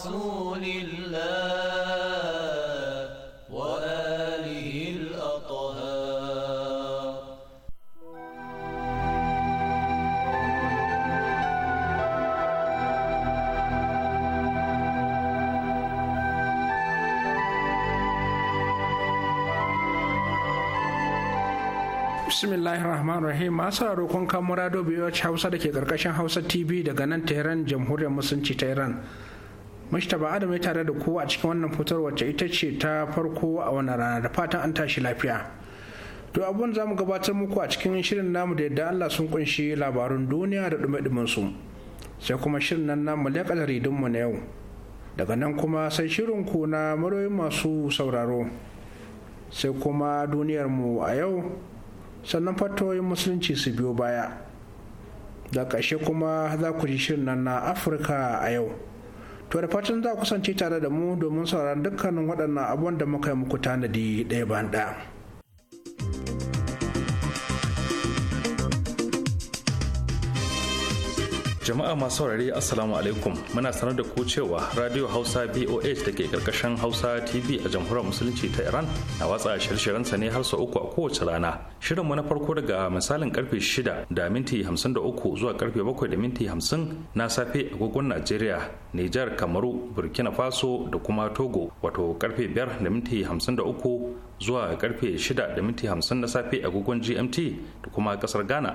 رسول الله وآله الأطهار bismillahir rahmanir rahim masu roƙon kamura dobe hausa da ke ƙarƙashin hausa tv daga nan tehran jamhuriyar musulunci ta iran ba Adam ya tare da kowa a cikin wannan fitar wacce ita ce ta farko a wannan rana da fatan an tashi lafiya. To abun za mu gabatar muku a cikin shirin namu da yadda Allah sun kunshi labarun duniya da dume su. Sai kuma shirin nan namu leƙa mu na yau. Daga nan kuma sai shirin ku na maroyin masu sauraro. Sai kuma duniyar mu a yau sannan fatoyin musulunci su biyo baya. Da ƙarshe kuma za ku ji shirin nan na Afirka a yau. to da fatan za ku kusance tare da mu domin sauraron dukkanin waɗannan abubuwan da muka yi muku tanadi ɗaya ba ɗaya jama'a masu saurari assalamu alaikum muna sanar da ku cewa radio hausa boh da ke karkashin hausa tv a jamhuriyar musulunci ta iran na watsa shirye sa ne har sau uku a kowace rana shirin mu na farko daga misalin karfe shida da minti 53 zuwa karfe bakwai da minti 50 na safe agogon najeriya nijar kamaru burkina faso da kuma togo wato karfe 5 da minti 53 zuwa karfe shida da minti 50 na safe agogon gmt da kuma kasar ghana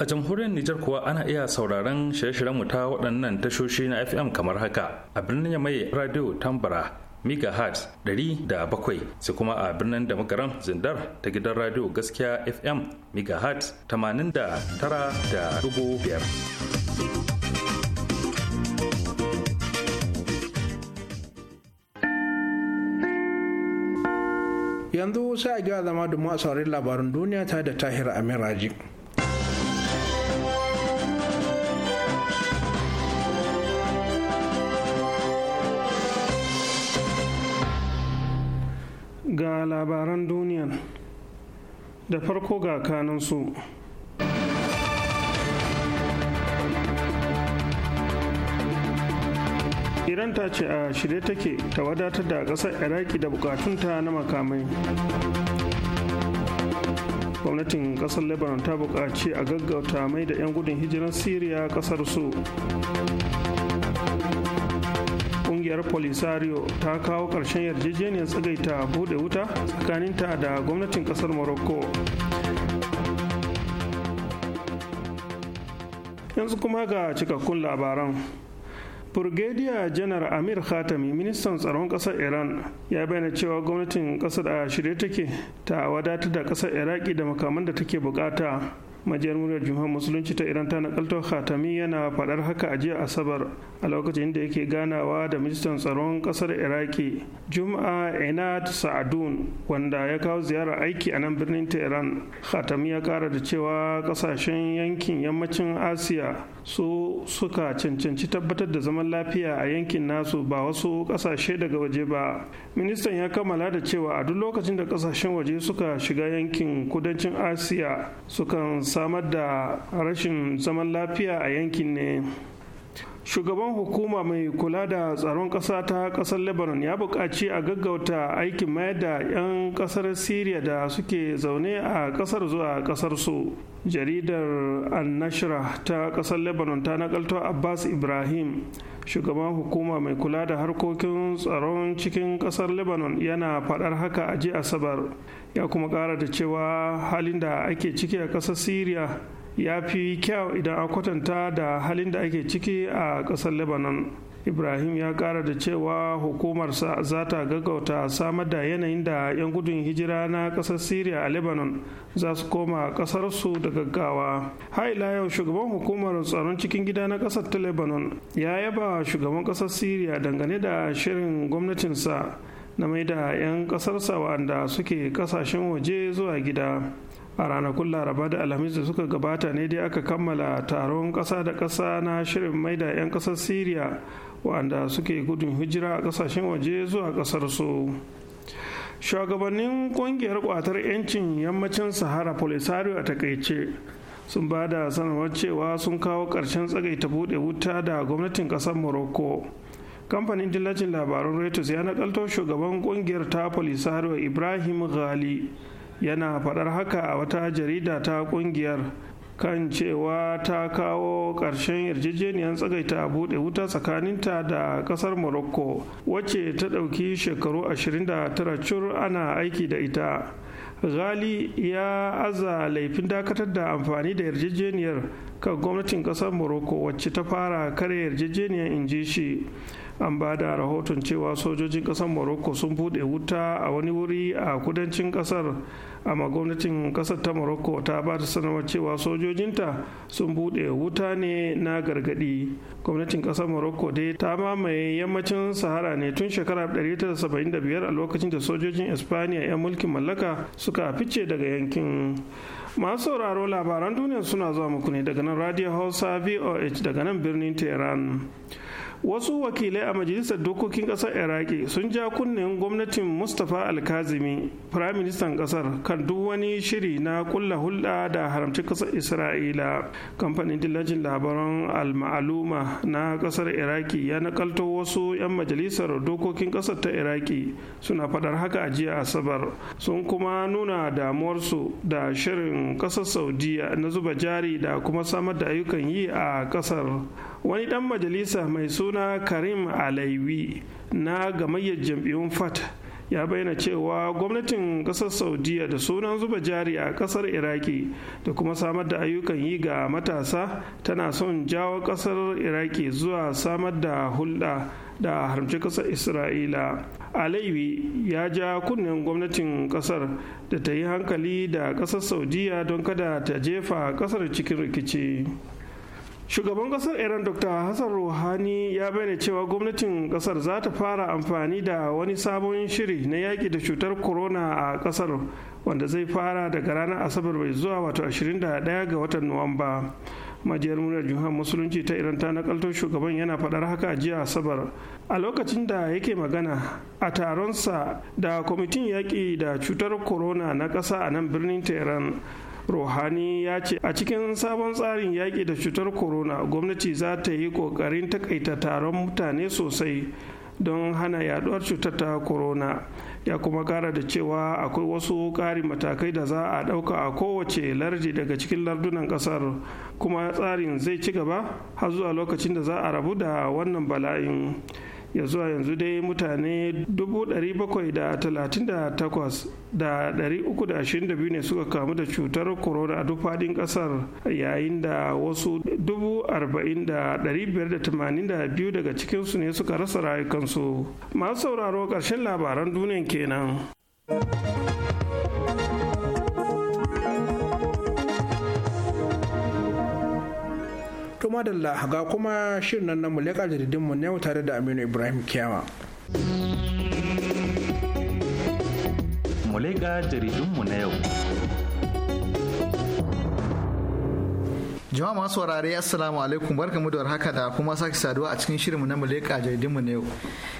a jamhuriyar Nijar kuwa ana iya sauraron shirye-shiryen mu ta waɗannan tashoshi na FM kamar haka a birnin mai radio Tambara megahertz 107 sai kuma a birnin da magaran zindar ta gidan radio gaskiya fm megahertz 89.5 yanzu sai a gyara zama domin a saurin labarin duniya ta da tahir amiraji ga labaran duniya da farko ga kanansu iran ta ce a shirye take ta wadatar da ƙasar iraki da bukatunta na makamai gwamnatin ƙasar lebanon ta buƙaci a gaggauta mai da 'yan gudun hijirar syria ƙasar su kungiyar polisario ta kawo ƙarshen yarjejeniyar tsagaita bude wuta tsakaninta da gwamnatin ƙasar morocco yanzu kuma ga cikakkun labaran Brigadier janar Amir Khatami ministan tsaron ƙasar Iran ya bayyana cewa gwamnatin ƙasar a shirye take ta wadatar da ƙasar Iraki da makaman da take bukata majiyar muryar jumhur musulunci ta iran ta nakalto khatami yana faɗar haka a jiya asabar a lokacin da yake ganawa da ministan tsaron ƙasar iraki juma'a enad sa'adun wanda ya kawo ziyarar aiki a nan birnin tehran khatami ya ƙara da cewa ƙasashen yankin yammacin asiya su suka cancanci tabbatar da zaman lafiya a yankin nasu ba wasu ƙasashe daga waje ba ministan ya kammala da cewa a duk lokacin da kasashen waje suka shiga yankin kudancin asiya sukan samar da rashin zaman lafiya a yankin ne shugaban hukuma mai kula da tsaron ƙasa ta ƙasar lebanon ya buƙaci a gaggauta aikin mayar da 'yan ƙasar syria da suke zaune a ƙasar zuwa ƙasar su jaridar annashra ta ƙasar lebanon ta nakalto abbas ibrahim shugaban hukuma mai kula da harkokin tsaron cikin kasar lebanon yana faɗar haka a jiya asabar ya kuma ƙara da cewa halin da ake ciki a ƙasar syria ya fi kyau idan a kwatanta da halin da ake ciki a ƙasar lebanon ibrahim ya ƙara da cewa hukumarsa za ta gaggauta samar da yanayin da 'yan gudun hijira na ƙasar syria a lebanon za su koma ƙasarsu da gaggawa haila yau shugaban hukumar tsaron cikin gida na ƙasar ta lebanon ya yaba shugaban ƙasar syria dangane da shirin gwamnatinsa na mai da 'yan ƙasarsa wanda suke ƙasashen waje zuwa gida a ranakun laraba da alhamis da suka gabata ne dai aka kammala taron kasa da kasa na shirin maida 'yan kasar syria wanda suke gudun hijira a kasashen waje zuwa ƙasar su shugabannin ƙungiyar kwatar 'yancin yammacin sahara polisario a takaice sun ba da sanarwar cewa sun kawo ƙarshen tsagaita buɗe wuta da gwamnatin ƙasar morocco kamfanin dillacin labarun reuters ya nakalto shugaban ƙungiyar ta polisario ibrahim ghali yana faɗar haka a wata jarida ta ƙungiyar kan cewa ta kawo ƙarshen yarjejeniyar tsagaita a buɗe wuta tsakaninta da ƙasar morocco wacce ta ɗauki shekaru 29 cur ana aiki da ita ghali ya aza laifin dakatar da amfani da yarjejeniyar kan gwamnatin ƙasar morocco wacce ta fara kare yarjejeniyar inji shi an ba da rahoton cewa sojojin kasar morocco sun buɗe wuta a wani wuri a kudancin kasar amma gwamnatin kasar ta morocco ta ba da sanarwar cewa sojojinta sun buɗe wuta ne na gargadi gwamnatin kasar morocco dai ta mamaye yammacin sahara ne tun shekara 1975 a lokacin da sojojin espaniya 'yan mulkin mallaka suka fice daga yankin masu sauraro labaran duniya suna zuwa muku ne daga nan radio hausa voh daga nan birnin tehran wasu wakilai a majalisar dokokin kasar iraki sun ja kunnen gwamnatin mustapha alkazimi prime ministan kasar kan duk wani shiri na kulla hulɗa da haramci kasar isra'ila kamfanin dillacin labaran alma'aluma na kasar iraki ya nakalto wasu 'yan majalisar dokokin kasar ta iraki suna fadar haka a jiya asabar sun kuma nuna damuwarsu da shirin kasar saudiya na zuba jari da kuma samar da ayyukan yi a kasar wani dan majalisa mai suna karim alaiwi na gamayyar jam'iyyun fat ya bayyana cewa gwamnatin kasar saudiya da sunan zuba jari a kasar iraki da kuma samar da ayyukan yi ga matasa tana son jawo kasar iraki zuwa samar da hulɗa da haramci kasar isra'ila alaiwi ya ja kunnen gwamnatin kasar da ta yi hankali da kasar saudiya don kada ta jefa kasar cikin rikici. shugaban kasar iran dr hassan ruhani ya bayyana cewa gwamnatin kasar za ta fara amfani da wani sabon shiri na yaƙi da cutar corona a kasar wanda zai fara daga ranar asabar mai zuwa wato 21 ga watan nuwamba majiyar muryar jihar musulunci ta iran ta nakalto shugaban yana faɗar haka jiya asabar a lokacin da yake magana a taronsa da kwamitin yaƙi da cutar corona na ƙasa a nan birnin tehran Ruhani ya ce a cikin sabon tsarin yaƙi da cutar corona gwamnati za ta yi ƙoƙarin takaita taron mutane sosai don hana yaduwar cutar ta corona ya kuma kara da cewa akwai wasu ƙarin matakai da za a ɗauka a kowace lardi daga cikin lardunan ƙasar kuma tsarin zai ci gaba har zuwa lokacin da za a rabu da wannan bala'in. ya zuwa yanzu dai mutane 738,322 ne suka kamu da cutar corona a duk fadin kasar yayin da wasu 40,582 daga cikinsu ne suka rasa rayukansu masu sauraro ƙarshen labaran duniya kenan. Kuma da ga kuma shirin nan namu leƙa jaridin na yau tare da aminu ibrahim kiyawa jaridunmu na Jama'a masu warare Assalamu alaikum barkamu da haka da kuma sake saduwa a cikin shirinmu na muleka jaridunmu na yau.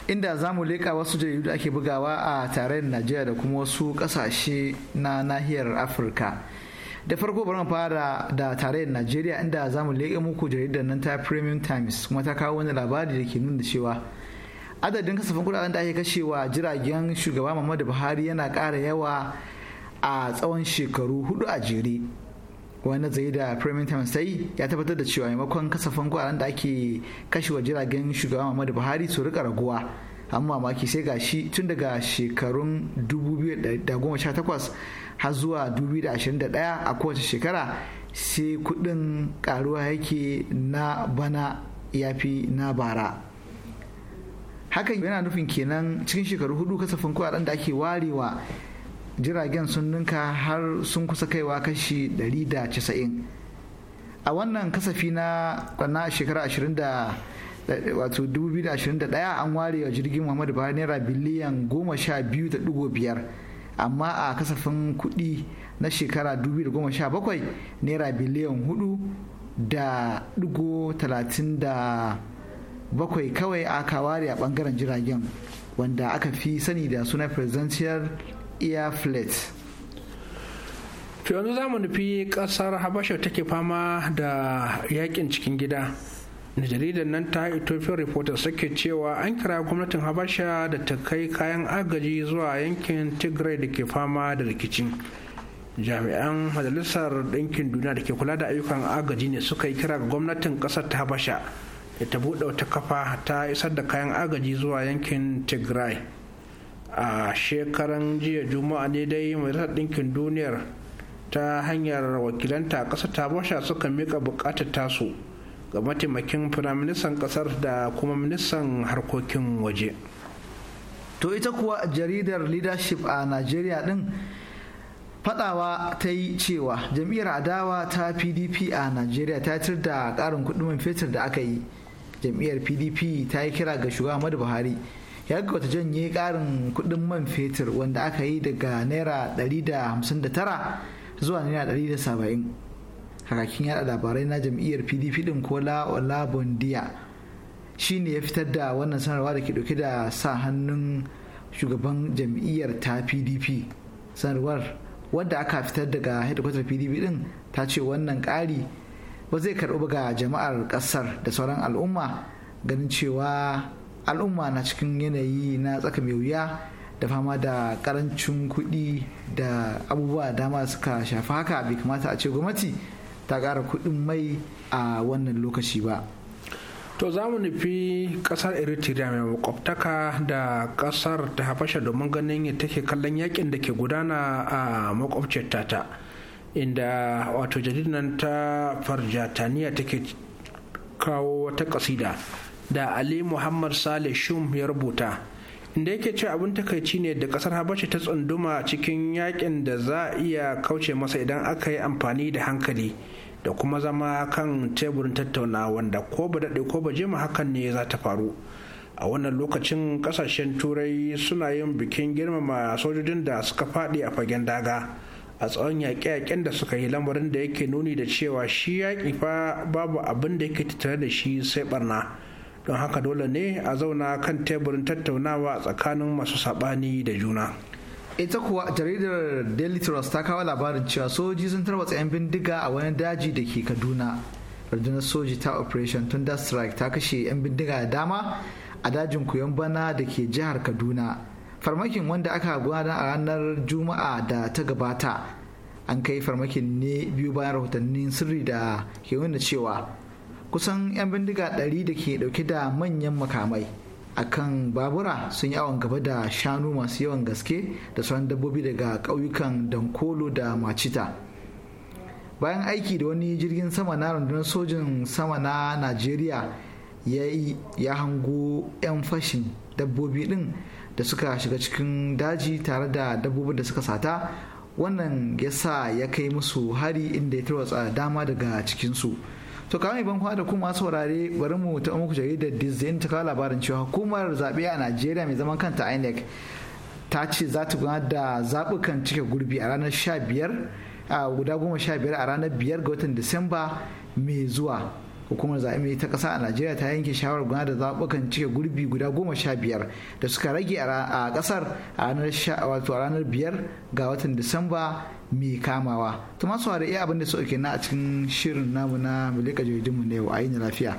Inda za mu leka wasu jaridu da ake bugawa a tarayyar Najeriya da kuma wasu kasashe na nahiyar Afirka. da farko bari mu fara da tarayyar najeriya inda za mu leƙe muku jaridar nan ta premium times kuma ta kawo wani labari da ke nuna cewa adadin kasafin kuɗaɗen da ake kashewa jiragen shugaba muhammadu buhari yana ƙara yawa a tsawon shekaru hudu a jere wani zai da premium times ta yi, ya tabbatar da cewa maimakon kasafin kudaden da ake kashewa jiragen shugaba muhammadu buhari su rika raguwa amma mamaki sai gashi tun daga shekarun 2018 har zuwa 2021 a kowace shekara sai kudin karuwa yake na bana ya fi na bara hakan yana nufin kenan cikin shekaru hudu kasafin kudaden da ake warewa jiragen sun ninka har sun kusa kaiwa kashi 190 a wannan kasafi na shekara 20 wato 2021 an ware wa jirgin muhammadu buhari naira biliyan 12.5 amma a kasafin kudi na shekara 2017 naira biliyan 4.37 da da bakwai kawai aka ware a bangaren jiragen wanda aka fi sani da suna presidential air flight yanzu za mu nufi kasar habasha take fama da yakin cikin gida Na jaridar nan ta ethiopian reporter suke cewa an kira gwamnatin habasha da ta kai kayan agaji zuwa yankin tigray da ke fama da rikicin jami'an majalisar ɗinkin duniya da ke kula da ayyukan agaji ne suka yi kira ga gwamnatin ƙasar ta habasha da ta buɗe wata kafa ta isar da kayan agaji zuwa yankin tigray a shekaran jiya juma'a ne dai majalisar ɗinkin duniyar ta hanyar wakilanta ƙasar ta habasha suka mika buƙatar tasu ga mataimakin firaministan kasar da kuma ministan harkokin waje to ita kuwa jaridar leadership a nigeria din fadawa ta yi cewa jam'iyyar adawa ta pdp a nigeria ta tir da karin kudin man fetur da aka yi jam'iyyar pdp ta yi kira ga shugaba Ahmadu buhari ya ga wata janye karin kudin man fetur wanda aka yi daga naira 159 zuwa naira 170 kakakin yada labarai na jam'iyyar pdp din kola bondia shi ne ya fitar da wannan sanarwa da ke dauke da sa hannun shugaban jam'iyyar ta pdp sanarwar wadda aka fitar daga headquarter pdp din ta ce wannan ƙari ba zai karɓi ga jama'ar ƙasar da sauran al'umma ganin cewa al'umma na cikin yanayi na tsaka mai wuya da fama da karancin kuɗi da abubuwa dama suka shafa haka bai kamata a ce gwamnati ta gara kuɗin mai a wannan lokaci ba to za mu nufi ƙasar eritrea mai makwabtaka da ƙasar ta habasha domin ganin ya take kallon yakin da ke gudana a makwabciyar tata inda wato jaridan ta farjataniya take kawo wata kasida da ali muhammad saleh shum ya rubuta inda yake ce abin takaici ne da kasar habasha ta tsunduma cikin yakin da za a iya kauce masa idan aka yi amfani da hankali da kuma zama kan teburin tattauna wanda ko ba daɗe ko ba jima hakan ne za ta faru a wannan lokacin kasashen turai suna yin bikin girmama sojojin da suka faɗi a fagen daga a tsawon yaƙe-yaƙen da suka yi lamarin da yake nuni da cewa shi yaƙi fa babu abin da yake tattare da shi sai barna don haka dole ne a zauna kan teburin tattaunawa tsakanin masu saɓani da juna. ita kuwa jaridar daily trust ta kawo labarin cewa soji sun tarwatsa 'yan bindiga a wani daji da ke kaduna rundunar soji ta operation thunder strike ta kashe 'yan bindiga da dama a dajin koyon bana da ke jihar kaduna farmakin wanda aka gudanar a ranar juma'a da ta gabata an kai farmakin ne biyu bayan rahotannin sirri da ke nuna cewa kusan 'yan bindiga 100 da ke dauke da manyan makamai a kan babura sun yi awon gaba da shanu masu yawan gaske da sauran dabbobi daga ƙauyukan dankolo da machita bayan aiki da wani jirgin sama na rundunar sojin sama na najeriya ya ya hango 'yan fashin dabbobi din da suka shiga cikin daji tare da dabbobin da suka sata wannan ya sa ya kai musu hari inda ya tarwatsa dama daga cikinsu to kawai ban kwana da kuma saurare bari mu ta muku jaridar dizin ta kawo labarin cewa hukumar zaɓe a najeriya mai zaman kanta inec ta ce za ta gudanar da zaɓukan cike gurbi a ranar sha biyar a guda goma sha biyar a ranar biyar ga watan disamba mai zuwa hukumar zaɓe ta ƙasa a najeriya ta yanke shawarar guna da zaɓukan cike gurbi guda goma sha biyar da suka rage a ƙasar a ranar biyar ga watan disamba mai kamawa to masu da iya abin da su na a cikin shirin namu na mulika jirgin mu ne a ayin lafiya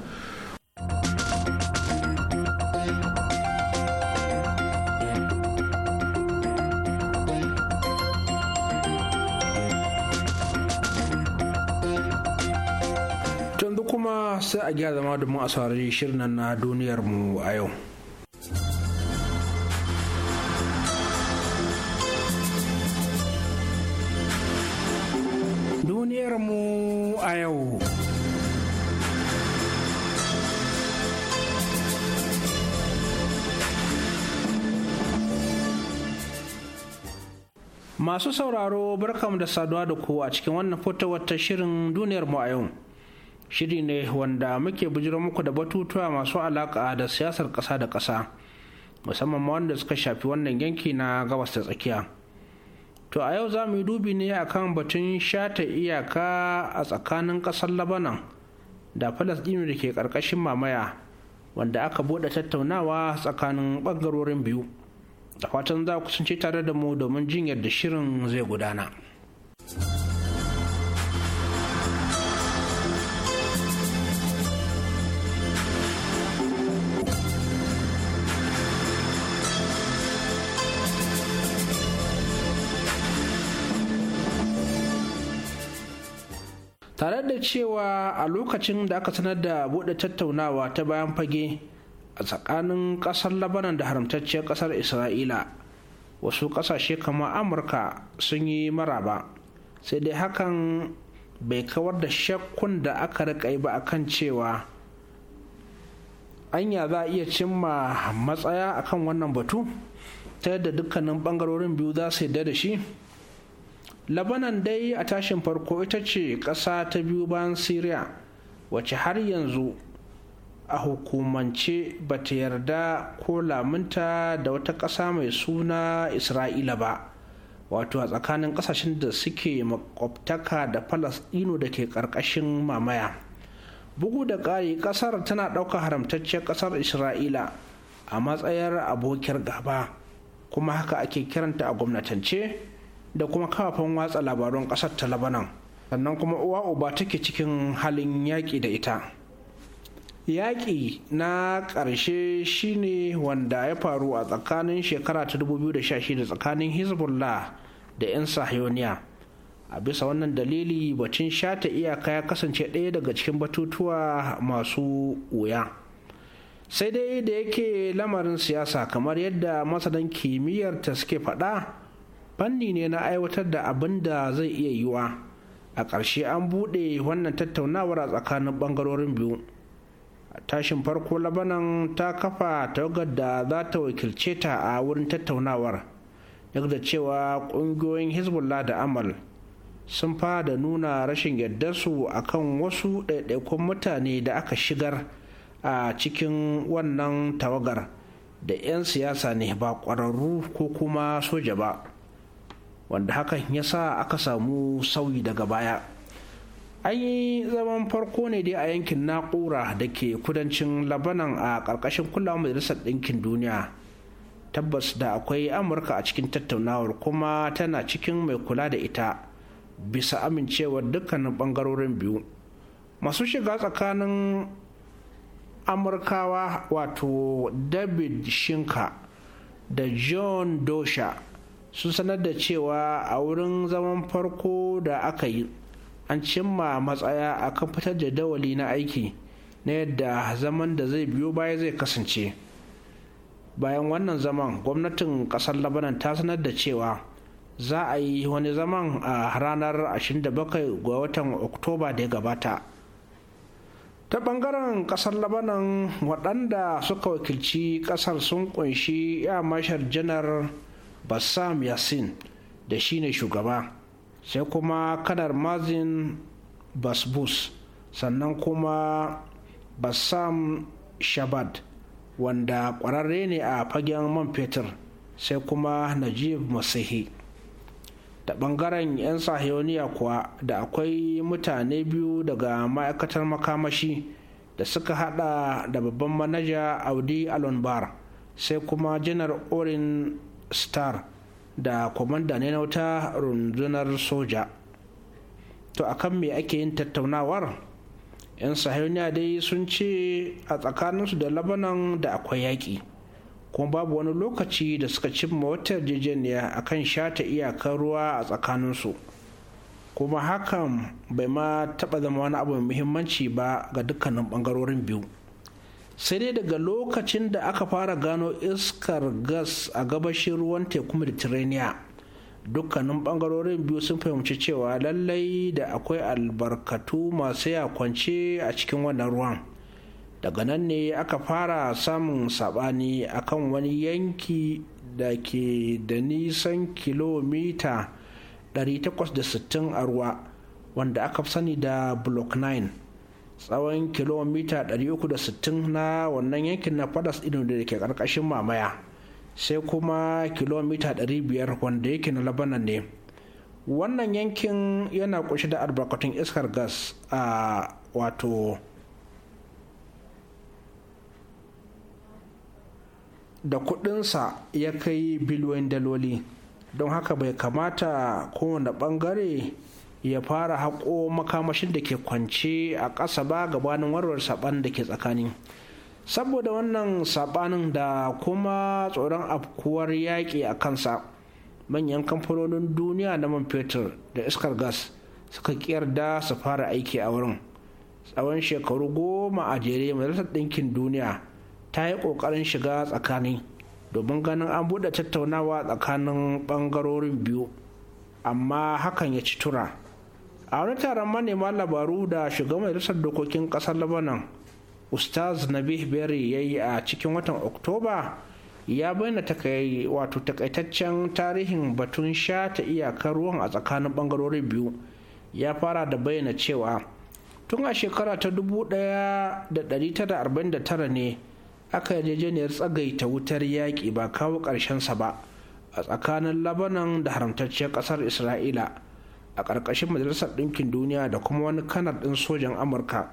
sai a gyara zama mu a saurari shirin na duniyar mu a yau. Duniyar mu a yau. Masu sauraro barkamu da saduwa da ku a cikin wannan fitowar ta shirin duniyar mu a yau. shiri ne wanda muke bujiro muku da batutuwa masu alaka da siyasar ƙasa da ƙasa musamman ma wanda suka shafi wannan yanki na gabas ta tsakiya to a yau za mu yi dubi ne akan batun shata iyaka a tsakanin ƙasar labanan da falasɗinu da ke ƙarƙashin mamaya wanda aka buɗe tattaunawa tsakanin ɓangarorin biyu da fatan za ku sun ce tare da mu domin jin yadda shirin zai gudana. tare da cewa a lokacin da aka sanar da buɗe tattaunawa ta bayan fage a tsakanin ƙasar labanan da haramtacciyar ƙasar isra'ila wasu ƙasashe kamar amurka sun yi maraba sai dai hakan bai kawar da shakkun da aka riƙa ba akan cewa anya za a iya cimma matsaya akan wannan batu ta yadda dukkanin ɓangarorin biyu za su yi da shi labanan dai a tashin farko ita ce ƙasa ta biyu bayan syria wacce har yanzu a hukumance ba ta yarda ko lamunta da wata ƙasa mai suna isra'ila ba wato a tsakanin ƙasashen da suke makwabtaka da falasɗino da ke ƙarƙashin mamaya bugu da ƙari ƙasar tana ɗaukar haramtacciyar ƙasar isra'ila a matsayar abokiyar gaba kuma haka ake kiranta a gwamnatance da kuma kafafen watsa labarun ƙasar ta labanan sannan kuma uwa uba take cikin halin yaƙi da ita yaƙi na ƙarshe shine wanda ya faru a tsakanin shekara ta 2016 tsakanin hezbollah da 'yan sahiyoniya a bisa wannan dalili bacin shata iyaka ya kasance ɗaya daga cikin batutuwa masu wuya sai dai da yake lamarin siyasa kamar yadda masanan kimiyyar ta suke faɗa fanni ne na aiwatar da abin da zai iya yiwa a ƙarshe an buɗe wannan tattaunawar a tsakanin ɓangarorin biyu tashin farko labanan ta kafa tawagar da za ta wakilce ta a wurin tattaunawar duk da cewa ƙungiyoyin hezbollah da amal sun da nuna rashin yardarsu a kan wasu ɗaiɗaikun mutane da aka shigar a cikin wannan tawagar da 'yan siyasa ne ba ƙwararru ko kuma soja ba wanda hakan ya sa aka samu sauyi daga baya an yi zaman farko ne dai a yankin naƙura da ke kudancin labanan a ƙarƙashin kulawar majalisar ɗinkin duniya tabbas da akwai amurka a cikin tattaunawar kuma tana cikin mai kula da ita bisa amincewar dukkanin ɓangarorin biyu masu shiga tsakanin amurkawa wato david shinka da john dosha sun sanar da cewa a wurin zaman farko da aka yi an cimma matsaya a kan fitar jadawali na aiki na yadda zaman da zai biyo baya zai kasance bayan wannan zaman gwamnatin kasar labanan ta sanar da cewa za a yi wani zaman a ranar 27 ga watan oktoba da ya gabata ta bangaren kasar labanan waɗanda suka wakilci kasar sun kunshi ya mashar janar bassam yasin da shi ne shugaba sai kuma kanar mazin basbus sannan kuma bassam shabad wanda kwararre ne a fagen man fetur sai kuma najib masihi da bangaren 'yan sahiyoniya kuwa da akwai mutane biyu daga ma'aikatar makamashi da suka hada da babban manaja audi alonbar sai kuma janar orin star da kwamanda ne na wata rundunar soja to a kan me ake yin tattaunawar 'yan sahiyoniya dai sun ce a tsakaninsu da labanan da akwai yaƙi kuma babu wani lokaci da suka cimma wata yarjejeniya kan shata iyakar ruwa a tsakaninsu kuma hakan bai ma taɓa zama wani abu mai muhimmanci ba ga dukkanin ɓangarorin biyu sai dai daga lokacin da aka fara gano iskar gas a gabashin ruwan teku mediterranean dukkanin bangarorin biyu sun fahimci cewa lallai da akwai albarkatu masu yakwance a cikin wannan ruwan daga nan ne aka fara samun sabani akan wani yanki da ke da nisan kilomita 860 a ruwa wanda aka sani da block 9 tsawon kilomita 360 na wannan yankin na fadas ɗin da ke ƙarƙashin mamaya sai kuma kilomita 500 wanda yake na labanan ne wannan yankin yana ƙunshe da albarkatun iskar gas a wato da kudinsa ya kai biliyoyin daloli don haka bai kamata kowane bangare ya fara haƙo makamashin da ke kwance a ƙasa ba gabanin warwar saɓanin da ke tsakani saboda wannan saɓanin da kuma tsoron afkuwar yaƙi a kansa manyan kamfanonin duniya na man fetur da iskar gas suka da su fara aiki a wurin tsawon shekaru goma a jere majalisar ɗinkin duniya ta yi ƙoƙarin shiga tsakani domin ganin an buɗe tattaunawa tsakanin ɓangarorin biyu amma hakan ya ci tura a wani taron manema labaru da shiga majalisar dokokin kasar labanan ustaz nabih berry ya yi a cikin watan oktoba ya bayyana wato takaitaccen tarihin batun sha ta iyakar ruwan a tsakanin bangarorin biyu ya fara da bayyana cewa tun a shekara ta 1949 ne aka yarjejeniyar tsagaita wutar yaƙi ba kawo ƙarshensa ba a tsakanin labanan da haramtacciyar ƙasar isra'ila a ƙarƙashin majalisar ɗinkin duniya da kuma wani kanar ɗin sojan amurka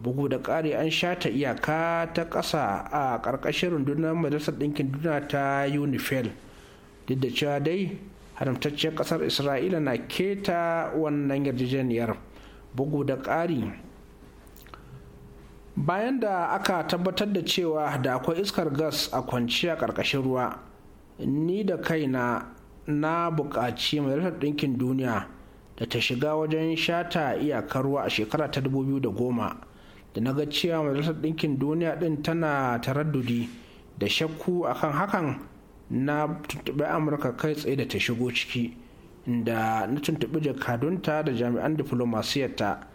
bugu da ƙari an sha ta iyaka ta ƙasa a ƙarƙashin rundunar majalisar ɗinkin duniya ta unifel duk da cewa dai haramtacciyar ƙasar isra'ila na keta wannan yarjejeniyar bugu da ƙari bayan da aka tabbatar da cewa da akwai iskar gas a kwanciya ƙarƙashin ruwa ni da kaina na buƙaci majalisar ɗinkin duniya da ta shiga wajen shata iyakar ruwa a shekara ta 2010 da na ga cewa majalisar ɗinkin duniya ɗin tana taraddudi da shakku akan hakan na tuntuɓi amurka kai tsaye da ta shigo ciki da na tuntuɓi jakadunta da jami'an diflomasiyarta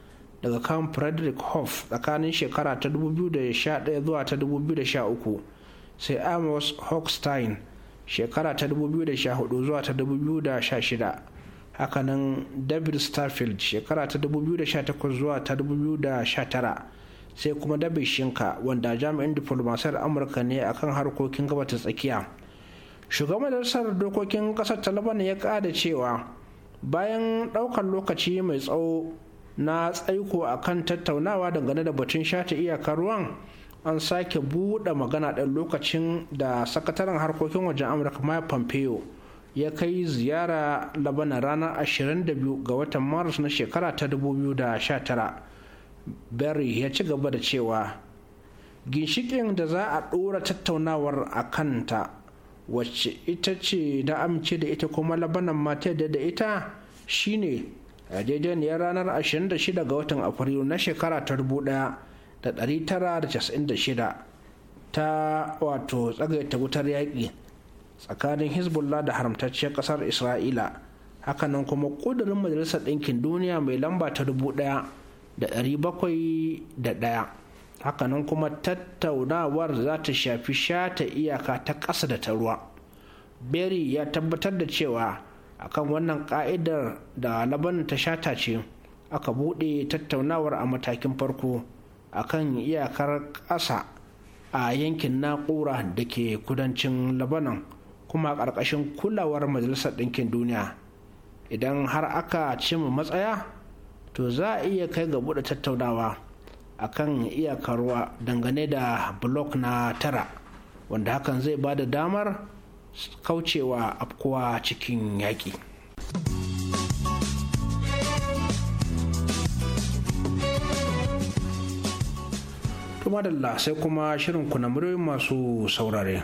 daga kan frederick hoff tsakanin shekara ta 2011 zuwa ta 2013 sai amos hochstein shekara ta 2014 zuwa ta 2016 hakanan david starfield shekara ta 2018 zuwa ta 2019 sai kuma david shinka wanda jami'in diplomasiyar amurka ne akan harkokin gaba ta tsakiya shugaban majalisar dokokin kasar taliban ya kada cewa bayan ɗaukar lokaci mai tsawo na tsaiko akan tattaunawa dangane da batun shata iyakar ruwan an sake buɗe magana ɗan lokacin da sakataren harkokin wajen amurka mike pompeo ya kai ziyara labana ranar 22 ga watan maris na shekara ta 2019 berry ya ci gaba da cewa ginshikin da za a ɗora tattaunawar a kanta wacce ita ce da amince da ita kuma labanan mata da ita shine a daidainiyar ranar 26 ga watan afrilu na shekara ta 1996 ta wato tsagaita wutar yaƙi tsakanin hezbollah da haramtacciyar ƙasar isra'ila hakanan kuma ƙudurin majalisar ɗinkin duniya mai lamba ta dubu ɗaya da ɗari bakwai da ɗaya hakanan kuma tattaunawar za ta shafi shata iyaka ta ƙasa da ta ruwa berry ya tabbatar da cewa akan wannan ka'idar da laban ta shata ce aka buɗe tattaunawar a matakin farko akan iyakar ƙasa a yankin na'ura da ke kudancin labanan kuma ƙarƙashin kulawar majalisar ɗinkin duniya idan har aka cimma matsaya to za a iya kai ga buɗe tattaunawa kan iyakar ruwa dangane da blok na tara wanda hakan zai ba da damar kaucewa afkuwa cikin yaƙi. madalla sai kuma shirin kuna muryoyin masu saurare.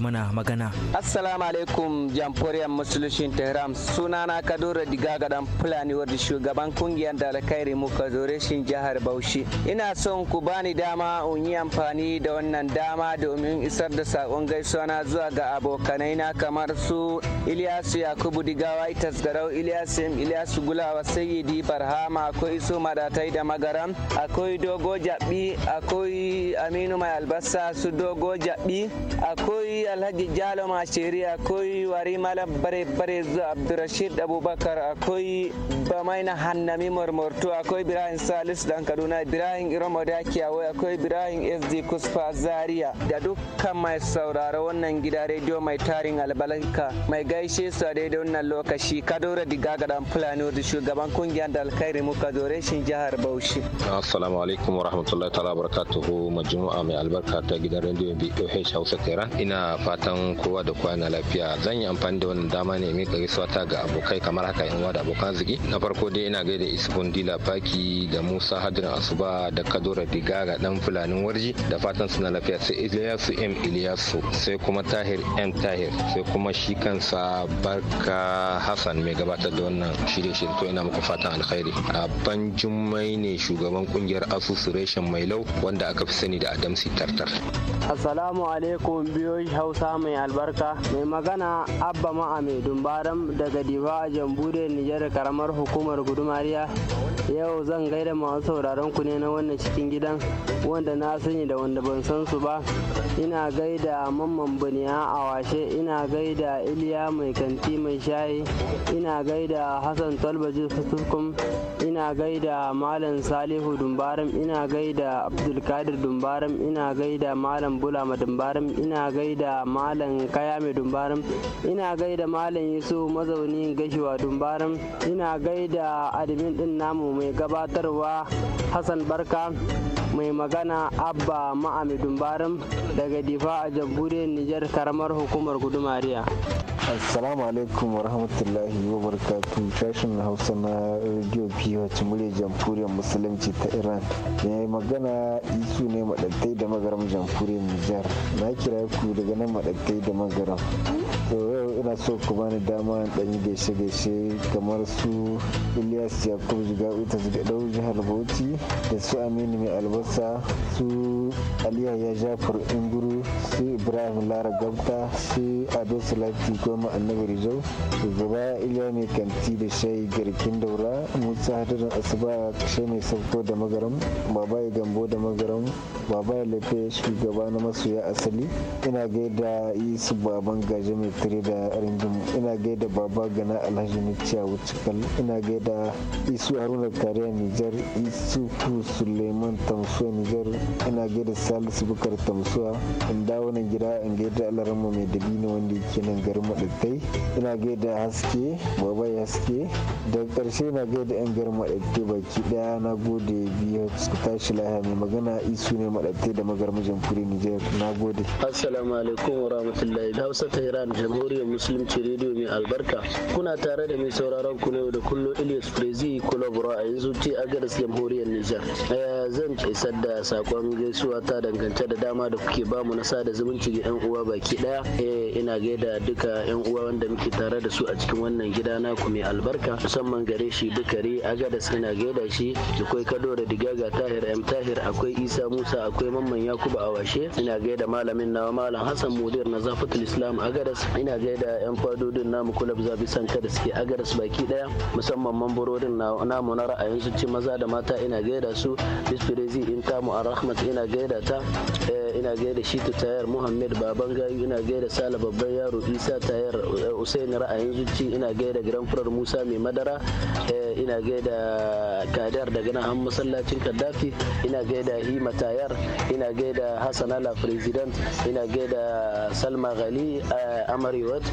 mana magana. Assalamu alaikum jamforiyar musulushin Tehran sunana Kadura Diga gadan Fulani wadda shugaban kungiyar muka zore shi jihar Bauchi. Ina son ku bani dama in yi amfani da wannan dama domin isar da sakon gaisuwa na zuwa ga abokanai na kamar su Ilyasu Yakubu Digawa Itas Garau Ilyasu Ilyasu Gulawa Sayyidi Farhama akwai Isu Madatai da Magaram akwai Dogo Jabi akwai Aminu Mai Albasa su Dogo Jabi akwai alhaji jalo mashiri akwai wari malam bare bare zu abdurashid abubakar akwai bamaina hannami marmarto akwai ibrahim salisu dan kaduna ibrahim iroma dakiyawa akwai ibrahim sd kusfa zaria da dukkan mai sauraro wannan gida rediyo mai tarin albalanka mai gaishe su a daidai wannan lokaci kadora diga gadan fulani da shugaban kungiyar da alkhairi muka zore shi jihar bauchi assalamu alaikum wa rahmatullahi ta'ala barakatuhu majmu'a mai albarka ta gidan rediyo boh hausa tehran ina fatan kowa da kowa na lafiya zan yi amfani da wannan dama ne mika gaisuwa ta ga abokai kamar haka yan da abokan arziki na farko dai ina gaida isufun dila faki da musa hadirin asuba da kadora ga dan fulanin warji da fatan su na lafiya sai iliyasu m iliyasu sai kuma tahir m tahir sai kuma shi kansa barka hassan mai gabatar da wannan shirye shirye to ina muku fatan alkhairi a ban jummai ne shugaban kungiyar asusu reshen mai lau wanda aka fi sani da adamsi tartar assalamu alaikum biyoyi hausa mai albarka mai magana abba ma'a ma'ame dumbaram daga diva a jamhuriyar nijar karamar hukumar gudumariya yau zan gaida masu sauraron ku ne na wannan cikin gidan wanda na sani da wanda ban san su ba ina gaida mamman baniya a washe ina gaida iliya mai kanti mai shayi ina gaida hassan talbaji sutukum ina gaida malam salihu dumbaram ina gaida abdulkadir dumbaram ina gaida malam bulama dumbaram ina gaida gaida malam kaya mai dumbarin ina gaida malam yusuf mazaunin gashiwa dumbarin ina gaida admin din namu mai gabatarwa hassan barka mai magana abba ma'ami dumbarin daga difa a jamhuriyar nijar karamar hukumar gudumariya assalamu alaikum warahmatullahi wabarakatuh sashen hausa na radio wacce murya jamhuriyar musulunci ta iran ya yi magana isu ne madattai da magaram jamhuriyar nijar na kira ku daga nan madattai da magaram ina so ku bani dama dan yi gaishe gaishe kamar su Ilyas yakub Jigabu ta Jigadau jihar Bauchi da su Aminu mai albasa su Aliyu ya Jafar Inguru su Ibrahim Lara Gabta su Ado Salati Goma Annabi Rijau Shugaba Iliya mai kanti da shayi garkin daura Musa Hadarin Asuba kashe mai sauko da magaram Babaye Gambo da magaram Babaye Lefe shugaba na masoya asali ina gaida su Baban Gaje mai tare da ringim ina gaida baba gana alhaji nuciya wucikal ina gaida isu Aruna kariya nijar isu tu suleiman tamsuwa nijar ina gaida salisu bukar tamsuwa in dawo nan gida in gaida alarma mai dabino wanda yake nan garin maɗattai ina gaida haske baba haske daga ƙarshe ina gaida yan garin maɗattai baki ɗaya na gode biyu su tashi lahiya mai magana isu ne maɗattai da magarmajin kuri nijar na gode assalamu alaikum wa rahmatullahi da hausa ta iran jamhuriyar ce rediyo mai albarka kuna tare da mai sauraron ku ne da kullum ilyas prezi kulabura a yanzu ce a garas jamhuriyar nijar zan isar da sakon gaisuwa ta dangance da dama da kuke bamu na sada zumunci ga yan uwa baki daya eh, ina gaida duka yan uwa wanda muke tare da su a cikin wannan gida na ku mai albarka musamman gare shi dukari agadas ina gaida shi akwai kado da digaga tahir m tahir akwai isa musa akwai mamman yakubu awashe ina gaida malamin nawa malam hassan mudir na zafatul islam agadas ina gaida yan fadodin namu kulab zabi sanka da suke agaras baki daya musamman mamburorin namu na ra'ayin su ce maza da mata ina gaida su bisfirezi in tamu a rahmat ina gaida ta eh, ina gaida shi ta tayar muhammed baban gayu ina gaida sala babban yaro isa tayar eh, usaini ra'ayin zuci ina gaida giran furar musa mai madara eh, ina gaida kadar daga nan masallacin kaddafi ina gaida hima tayar ina gaida hasana la president ina gaida salma ghali amariwat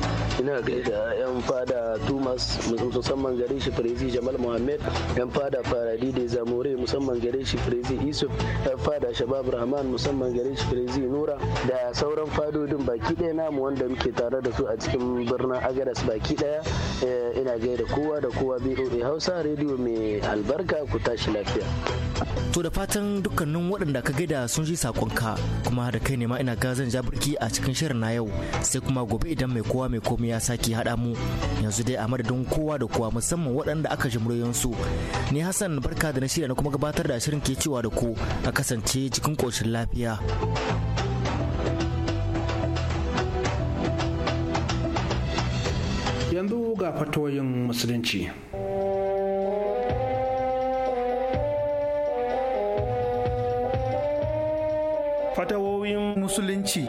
ina gaida yan fada tumas musamman gare shi firezi jamal muhammed yan fada faradi da zamore musamman gare shi firezi isuf yan fada shabab rahman musamman gare shi firezi nura da sauran fadodin baki ɗaya namu wanda muke tare da su a cikin birnin agadas baki ɗaya eh, ina gaida kowa da kowa boa hausa rediyo mai albarka ku tashi lafiya to da fatan dukkanin waɗanda ka gaida sun ji sakonka kuma da kai ne ma ina gazan ja birki a cikin shirin na yau sai kuma gobe idan mai kowa mai komai ya saki haɗa mu yanzu dai a madadin kowa da kowa musamman waɗanda aka ji su ni hassan barka da na shirya na kuma gabatar da shirin ke cewa da ku a kasance cikin ƙoshin lafiya. yanzu ga fatoyin musulunci fatawoyin musulunci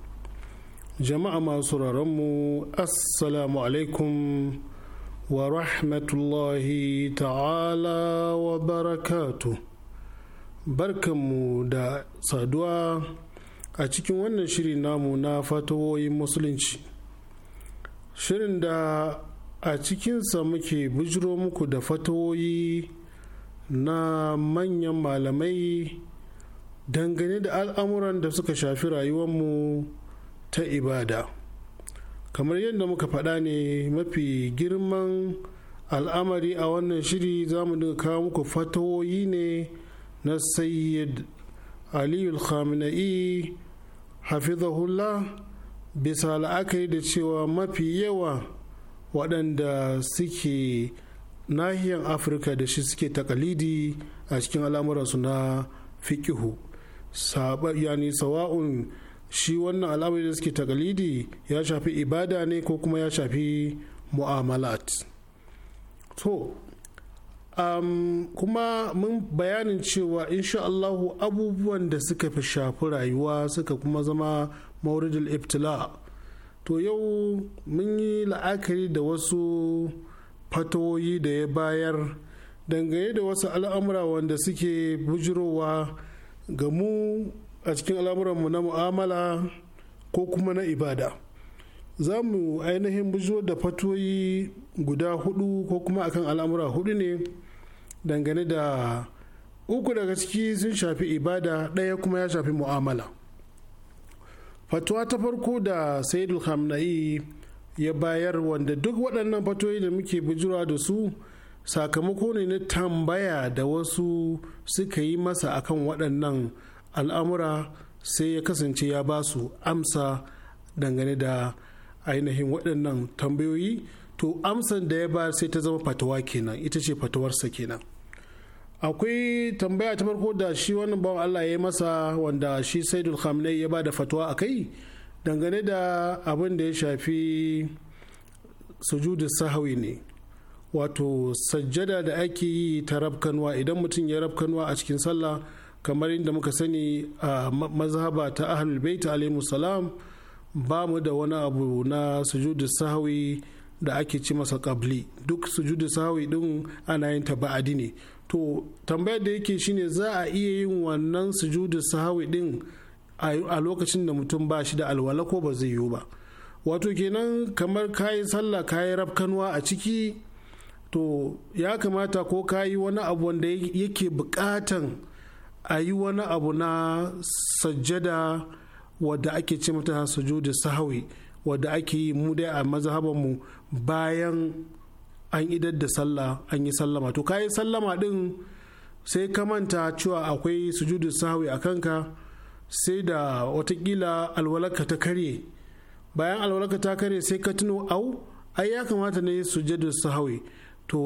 jama'a masu mu assalamu alaikum wa rahmatullahi ta'ala wa barakatu barkanmu da saduwa a cikin wannan shiri namu na fatawoyin musulunci shirin da a cikinsa muke bujiro muku da fatawoyi na manyan malamai dangane da al'amuran da suka shafi rayuwar mu. ta ibada kamar yadda muka faɗa ne mafi girman al'amari a wannan shiri za mu dinga kawo muku fatawoyi ne na sayyid aliyu khamenei hafizahullah bisa la'akari da cewa mafi yawa waɗanda suke nahiyar afirka da shi suke takalidi a cikin al'amuransu na fikihu yani sawa'un shi wannan al'amari da suke takalidi ya shafi ibada ne ko kuma ya shafi mu'amalat to um, kuma mun bayanin cewa insha Allahu abubuwan da suka fi shafi rayuwa suka kuma zama mauridul iftila to yau mun yi la'akari da wasu fatoyi da ya bayar dangane da wasu al'amura wanda suke bujirowa ga mu a cikin al'amuranmu na mu'amala ko kuma na ibada za mu ainihin bujo da fatoyi guda hudu ko kuma akan al'amura hudu ne dangane da uku daga ciki sun shafi ibada ɗaya kuma ya shafi mu'amala fatuwa ta farko da saidul hamna'i ya bayar wanda duk waɗannan fatoyi da muke bijira da su sakamako ne na tambaya da wasu suka yi masa akan waɗannan al'amura sai ya kasance ya ba su amsa dangane da ainihin waɗannan tambayoyi to amsan da ya ba sai ta zama fatawa kenan ita ce fatawarsa kenan akwai tambaya ta farko da shi wannan bawan Allah ya yi masa wanda shi saidul khamenei ya ba da fatawa a kai dangane da abin da ya shafi sujudu sahawi ne wato sajjada da ake yi ta rabkanwa idan mutum ya rabkanwa a cikin sallah kamar inda muka sani a mazhaba ta ahlul bait alaihi salam ba mu da wani abu na sujudu sahawi da ake ci masa kabli duk sujudu sahawi din ana yin ta ba'adi ne to tambayar da yake shine za a iya yin wannan sujudu sahawi din a lokacin da mutum ba shi da alwala ko ba zai yiwu ba wato kenan kamar kayi sallah kayi rafkanwa a ciki to ya kamata ko kayi wani abu wanda yake bukatan a yi wani abu na sajjada wadda ake ce mata da sahawi wadda ake yi mu dai a mazhabanmu bayan an idar da sallah an yi sallama to ka yi sallama din sai ka manta cewa akwai sujudu sahawi a kanka sai da watakila alwalaka ta karye bayan ka ta karye sai ka tuno au ai ya kamata ne sujudu sahawi to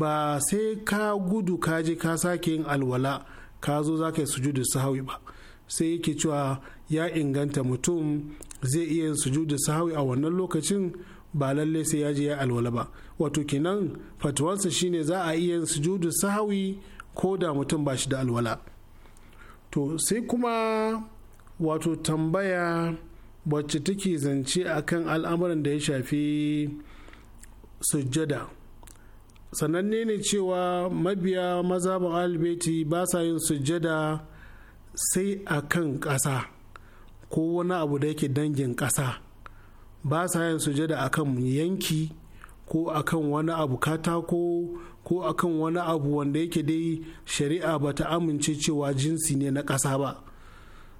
ba sai ka gudu ka je ka sake yin alwala ka zo za ka yi sujudu sahawi ba sai yake cewa ya inganta mutum zai iya yin sujudu sahawi a wannan lokacin ba lalle sai ya je ya alwala ba wato kenan fatuwansa shine za a iya yin sujudu sahawi ko da mutum ba shi da alwala to sai kuma wato tambaya wacce take zance akan al'amuran da ya shafi sujjada sananne ne cewa mabiya mazhabin albeti ba sa yin sujjada sai a kan ƙasa ko wani abu da yake dangin ƙasa ba sa yin sujjada a kan yanki ko a kan wani abu katako ko a kan wani abu wanda yake dai shari'a ba ta amince cewa jinsi ne na ƙasa ba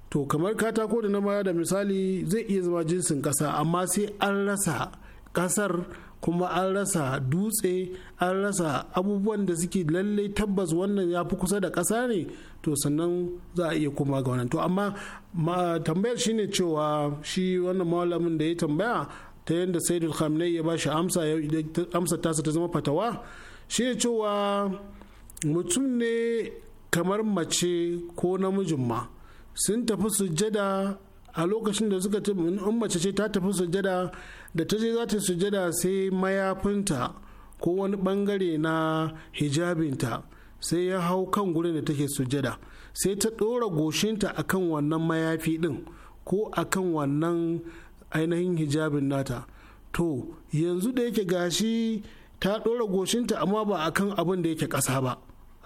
to kamar katako da na baya da misali zai iya zama jinsin ƙasa amma sai an rasa ƙasar kuma an rasa dutse an rasa abubuwan da suke lallai tabbas wannan ya fi kusa da ƙasa ne to sannan za a iya koma ga wannan to amma tambayar shi ne cewa shi wannan malamin da ya tambaya ta yadda saidul khamenei ya shi amsa amsa tasa ta zama fatawa shi ne cewa mutum ne kamar mace ko namijin ma sun tafi sujjada a lokacin da suka in mace ce ta tafi sujjada da ta je za ta sujada sai mayafinta ko wani bangare na hijabinta sai ya hau kan gurin da take sujada sai ta ɗora goshinta a kan wannan mayafi ɗin ko a kan wannan ainihin hijabin nata to yanzu da yake gashi ta ɗora goshinta amma ba a kan abin da yake ƙasa ba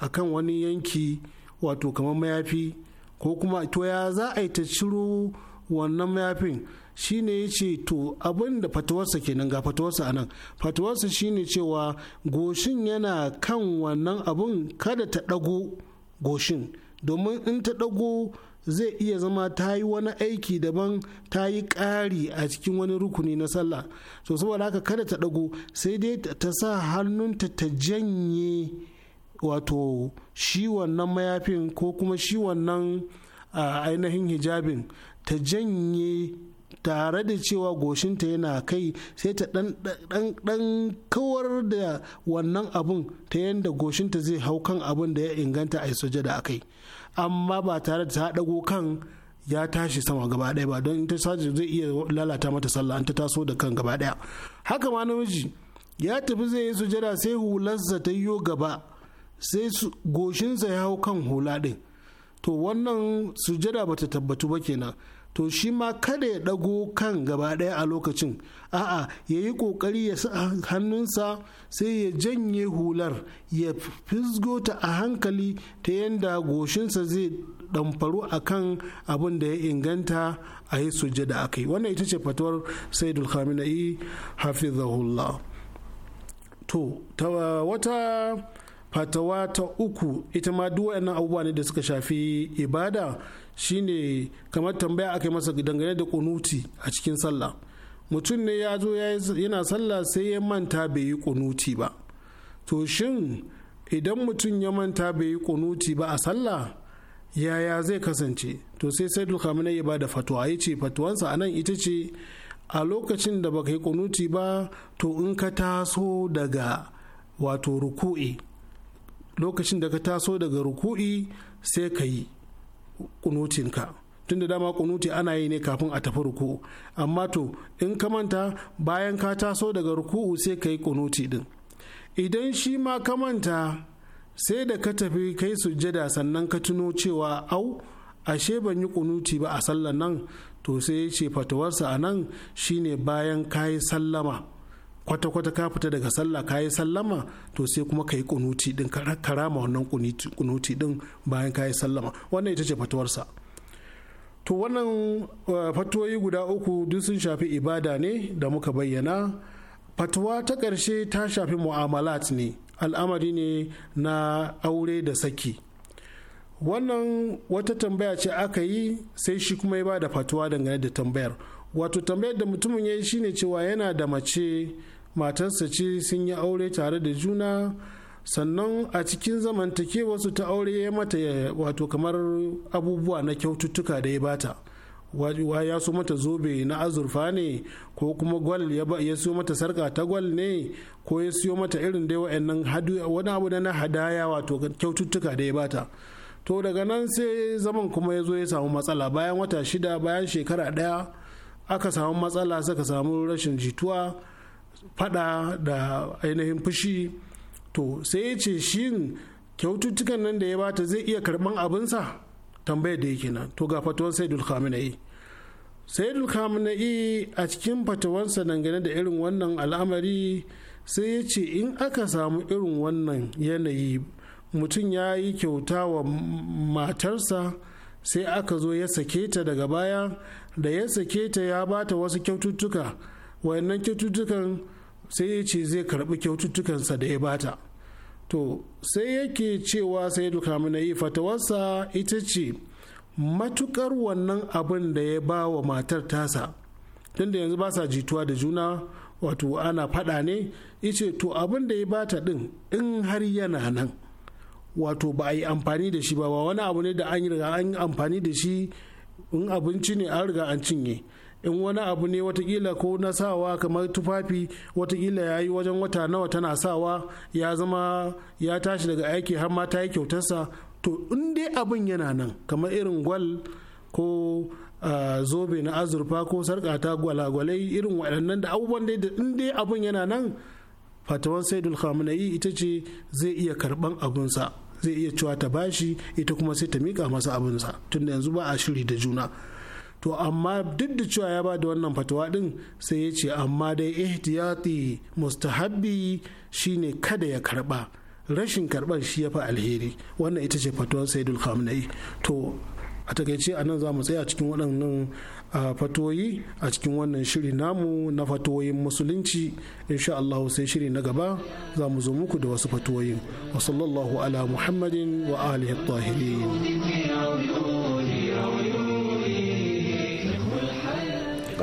a kan wani yanki wato kamar mayafi ko kuma to ya za a yi ta ciro wannan mayafin shine ya ce to abin da fatuwarsa kenan ga fatuwarsa anan fatuwarsa shine cewa goshin yana kan wannan abun kada ta ɗago goshin domin in ta ɗago zai iya zama ta yi wani aiki daban ta yi ƙari a cikin wani rukuni na sallah so saboda haka kada ta ɗago sai dai ta sa hannunta ta janye wato shi wannan mayafin ko kuma shi wannan ainihin hijabin ta janye tare da cewa goshinta yana kai sai ta dan kawar da wannan abun ta yadda goshinta zai hau kan abun da ya inganta a sujada a kai amma ba tare da ta dago kan ya tashi sama gaba daya ba don ta saji zai iya lalata mata sallah an ta taso da kan gaba daya haka ma namiji ya tafi zai yi sujada sai hularsa ta yiwo gaba sai goshinsa ya hau kan hula ɗin to wannan sujada ba ta tabbatu ba kenan to shi ma kada ya ɗago kan gaba ɗaya a lokacin a'a ya yi ƙoƙari ya sa hannunsa sai ya janye hular ya fisgo ta a hankali ta yadda goshinsa zai ɗamfaru a kan abin da ya inganta a yi da aka yi. wannan ita ce fatuwar saidul khamenei hafizahullah to wata fatawa ta uku ita ma duwa waɗannan abubuwa ne da suka shafi ibada shine kamar tambaya aka masa dangane da kunuti a cikin sallah mutum ne ya zo yana sallah sai ya manta bai yi kunuti ba to shin idan mutum ya manta bai yi kunuti ba a sallah yaya zai kasance to sai sai duka ya ba da fatuwa ya ce fatuwansa anan ita ce a lokacin da baka yi kunuti ba to in ka taso daga wato ruku'i lokacin da ka taso daga ruku'i sai ka yi kunutinka tun da dama kunuti ana yi ne kafin a tafi ruku'u amma to in ka manta bayan ka taso daga ruku'u sai ka yi kunuti din idan shi ma ka manta sai da ka tafi kai sujjada sannan ka tuno cewa au ashe ban yi kunuti ba a sallan nan to sai ya ce fatawarsa a nan shine bayan ka yi sallama kwata-kwata ka fita daga sallah ka yi sallama to sai kuma ka yi kunuti din ka wannan kunuti din bayan ka yi sallama wannan ita ce fatuwarsa to wannan eh, fatuwoyi guda uku duk sun shafi ibada ne da muka bayyana fatuwa ta ƙarshe ta shafi mu'amalat ne al'amari ne na aure da saki wannan wata tambaya ce aka yi sai shi kuma ya ba da fatuwa dangane da tambayar wato tambayar da mutumin ya yi shine cewa yana da mace matarsa ce sun yi aure tare da juna sannan a cikin zamantakewarsu ta aure ya mata wato kamar abubuwa na kyaututtuka da ya bata wa ya so mata zobe na azurfa ne ko kuma gwal ya siyo mata sarka ta gwal ne ko ya siyo mata irin dai wa'annan wani abu na hadaya wato kyaututtuka da ya bata to daga nan sai zaman kuma ya zo ya samu matsala bayan wata shida bayan shekara daya aka samu matsala suka samu rashin jituwa fada da ainihin fushi to sai ya ce shin kyaututtukan nan da ya bata zai iya karban abinsa tambayar da yake nan to ga fatuwar saidul khamenei saidul khamenei a cikin fatawarsa dangane da irin wannan al'amari sai ya ce in aka samu irin wannan yanayi mutum ya yi kyauta wa matarsa sai aka zo ya sake ta daga baya da ya sake ta ya bata wasu kyaututtuka wayannan kyaututtukan sai ya ce zai karbi kyaututtukansa da ya bata to sai yake cewa sai na yi fatawarsa ita ce matukar wannan abin da ya ba wa matar tasa don da yanzu ba sa jituwa da juna wato ana faɗa ne ice to abin da ya bata din in har yana nan wato ba a yi amfani da shi ba wani abu ne da an yi amfani da shi in abinci ne an riga an cinye in wani abu ne watakila ko na sawa kamar tufafi watakila ya yi wajen wata nawa tana sawa ya zama ya tashi daga aiki har ma ta yi kyautarsa to in dai abin yana nan kamar irin gwal ko zobe na azurfa ko sarƙa ta gwalagwalai irin waɗannan da abubuwan da in dai abun yana nan fatawan saidul khamenei ita ce zai iya karɓan abunsa zai iya cewa ta bashi ita kuma sai ta miƙa masa abunsa tunda yanzu ba a shiri da juna to amma duk da cewa ya ba da wannan fatawa din sai ya ce amma dai ihtiyati mustahabbi shine kada ya karba rashin karɓar shi ya fi alheri wannan ita ce fatuwar saidul khamenei to a takaice a nan za mu tsaya cikin waɗannan fatoyi a cikin wannan shiri namu na fatoyin musulunci insha Allah sai shiri na gaba za mu zo muku da wasu fatoyin wa sallallahu ala muhammadin wa alihi tahirin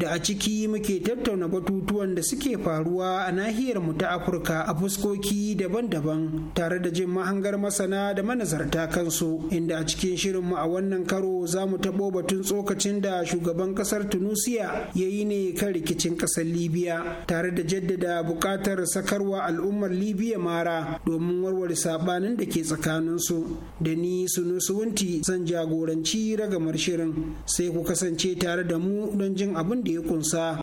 da a ciki muke tattauna batutuwan da suke faruwa a nahiyar mu ta Afirka a fuskoki daban-daban tare da jin mahangar masana da manazarta kansu inda a cikin shirin mu a wannan karo za mu taɓo batun tsokacin da shugaban ƙasar Tunusiya ya yi ne kan rikicin ƙasar Libya tare da jaddada buƙatar sakarwa al'ummar Libya mara domin warware saɓanin da ke tsakaninsu da ni su Sunusuwunti zan jagoranci ragamar shirin sai ku kasance tare da mu don jin abin da ya kunsa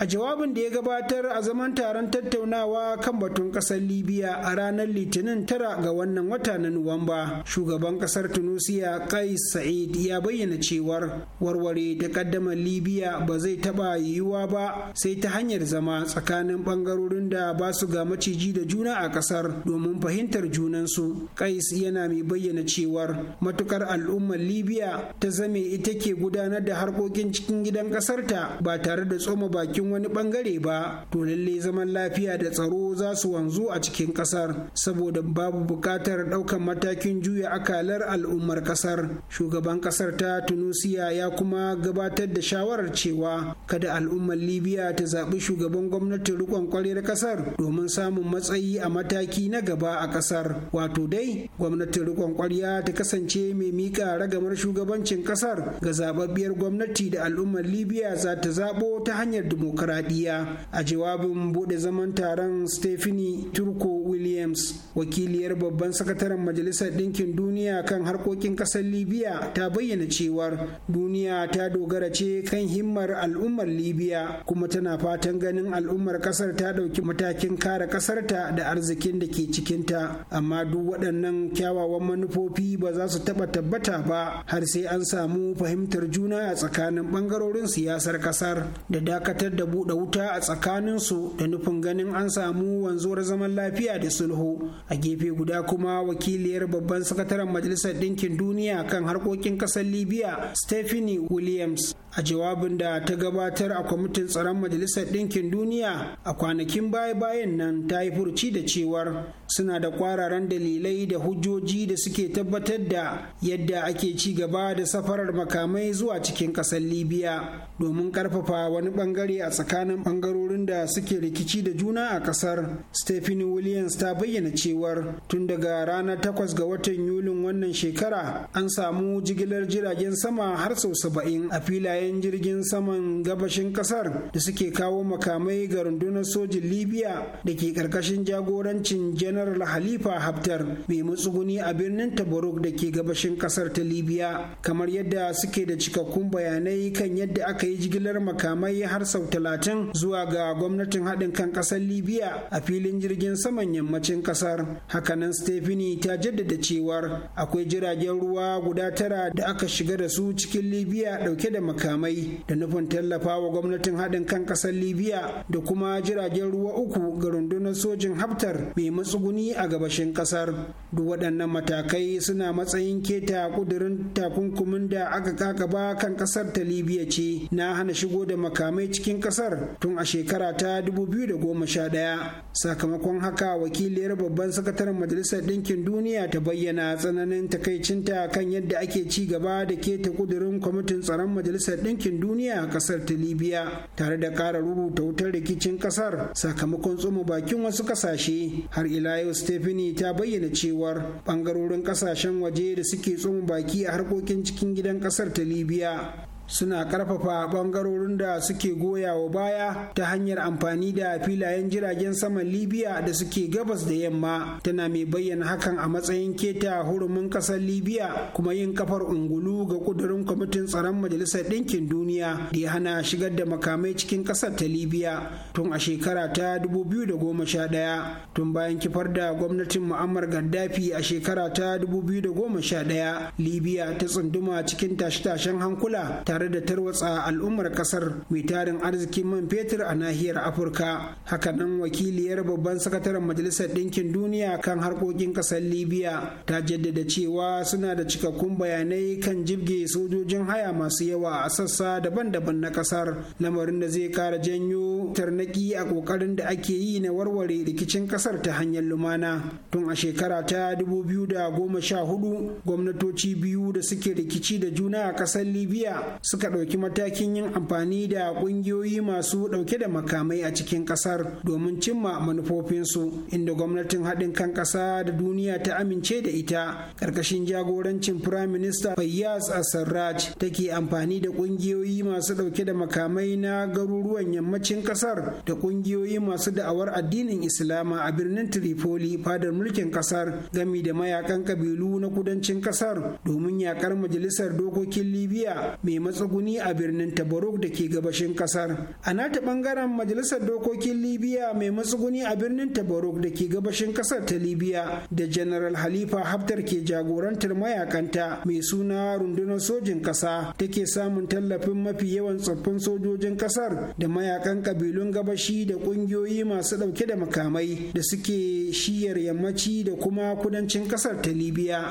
a jawabin da ya gabatar a zaman taron tattaunawa kan batun ƙasar libya a ranar litinin tara ga wannan wata na nuwamba shugaban ƙasar tunisia kai sa'id ya bayyana cewar warware ta ƙaddamar libya ba zai taɓa yiwuwa ba sai ta hanyar zama tsakanin ɓangarorin da ba su ga maciji da juna a ƙasar, domin fahimtar junansu kais yana mai bayyana cewar matukar al'ummar libya ta zame ita ke gudanar da harkokin cikin gidan ƙasarta ba tare da tsoma bakin wani bangare ba to lalle zaman lafiya da tsaro za su wanzu a cikin kasar saboda babu bukatar daukan matakin juya akalar al'ummar kasar shugaban kasar ta tunusiya ya kuma gabatar da shawarar cewa kada al'ummar libya ta zaɓi shugaban gwamnatin rikon kwarar kasar domin samun matsayi a mataki na gaba a kasar wato dai gwamnatin rikon kwarya ta kasance mai mika ragamar shugabancin kasar ga zababbiyar gwamnati da al'ummar libya za ta zaɓo ta hanyar dimokuraɗiyya demokuraɗiyya a jawabin buɗe zaman taron stephanie turko williams wakiliyar babban sakataren majalisar ɗinkin duniya kan harkokin ƙasar libya ta bayyana cewar duniya ta dogara ce kan himmar al'ummar libya kuma tana fatan ganin al'ummar ƙasar ta ɗauki matakin kare ƙasarta da arzikin da ke cikinta amma duk waɗannan kyawawan manufofi ba za su taɓa tabbata ba har sai an samu fahimtar juna a tsakanin ɓangarorin siyasar ƙasar da dakatar da buɗe wuta a tsakaninsu da nufin ganin an samu wanzuwar zaman lafiya da sulhu a gefe guda kuma wakiliyar babban sakataren majalisar ɗinkin duniya kan harkokin ƙasar libya stephanie williams a jawabin da ta gabatar a kwamitin tsaron majalisar ɗinkin duniya a kwanakin baya-bayan nan ta yi furci da cewar suna da kwararan dalilai da hujjoji da suke tabbatar da yadda ake ci gaba da safarar makamai zuwa cikin ƙasar libya domin ƙarfafa wani ɓangare a tsakanin ɓangarorin da suke rikici da juna a ƙasar Stephen williams ta bayyana cewar tun daga ranar takwas ga watan yulin wannan shekara an samu jigilar jiragen sama har sau saba'in a filaye yayin jirgin saman gabashin kasar da suke kawo makamai ga rundunar sojin libya da ke karkashin jagorancin janar halifa haftar mai matsuguni a birnin tabaruk da ke gabashin kasar ta libya kamar yadda suke da cikakkun bayanai kan yadda aka yi jigilar makamai har sau talatin zuwa ga gwamnatin haɗin kan kasar libya a filin jirgin saman yammacin kasar hakanan stephanie ta jaddada cewar akwai jiragen ruwa guda tara da aka shiga da su cikin libya ɗauke da makamai makamai da nufin tallafa wa gwamnatin haɗin kan ƙasar libya da kuma jiragen ruwa uku ga rundunar sojin haftar mai matsuguni a gabashin ƙasar duk waɗannan matakai suna matsayin keta ƙudurin takunkumin da aka kakaba kan ƙasar ta libya ce na hana shigo da makamai cikin ƙasar tun a shekara ta 2011 sakamakon haka wakiliyar babban sakataren majalisar ɗinkin duniya ta bayyana tsananin takaicinta kan yadda ake ci gaba da keta ƙudurin kwamitin tsaron majalisar ɗinkin duniya a ƙasar ta libya tare da ƙara rubuta wutar rikicin ƙasar sakamakon tsoma bakin wasu ƙasashe har ila yau stephanie ta bayyana cewar ɓangarorin ƙasashen waje da suke tsoma baki a harkokin cikin gidan ƙasar ta libya suna ƙarfafa ɓangarorin da suke goya wa baya ta hanyar amfani da filayen jiragen saman libya da suke gabas da yamma tana mai bayyana hakan a matsayin keta hurumin ƙasar libya kuma yin kafar ungulu ga ƙudurin kwamitin tsaron majalisar ɗinkin duniya da ya hana shigar da makamai cikin ƙasar ta libya tun a shekara ta 2011 tun bayan kifar da gwamnatin mu'ammar gaddafi a shekara ta 2011 libya ta tsunduma cikin tashe-tashen hankula tare da tarwatsa al'ummar kasar mai tarin arzikin man fetur a nahiyar afirka hakanan wakiliyar babban sakataren majalisar ɗinkin duniya kan harkokin ƙasar libya ta jaddada cewa suna da cikakkun bayanai kan jibge sojojin haya masu yawa a sassa daban-daban na ƙasar, lamarin da zai kara janyo tarnaki a ƙoƙarin da ake yi na warware rikicin ƙasar ta hanyar lumana tun a shekara ta 2014 gwamnatoci biyu da suke rikici da juna a kasar libya suka ɗauki matakin yin amfani da ƙungiyoyi masu ɗauke da makamai a cikin ƙasar domin cimma manufofinsu inda gwamnatin haɗin kan ƙasa da duniya ta amince da ita ƙarƙashin jagorancin firayim minista fayyaz asarraj take amfani da ƙungiyoyi masu ɗauke da makamai na garuruwan yammacin ƙasar da ƙungiyoyi masu da'awar addinin islama a birnin tripoli fadar mulkin ƙasar gami da mayakan ƙabilu na kudancin ƙasar domin yakar majalisar dokokin libya mai matsuguni a birnin tabaruk da ke gabashin kasar a nata bangaren majalisar dokokin libya mai matsuguni a birnin tabaruk da ke gabashin kasar ta libya da general halifa haftar ke jagorantar mayakanta mai suna rundunar sojin kasa take samun tallafin mafi yawan tsoffin sojojin kasar da mayakan kabilun gabashi da kungiyoyi masu dauke da makamai da suke shiyar yammaci da kuma kudancin kasar ta libya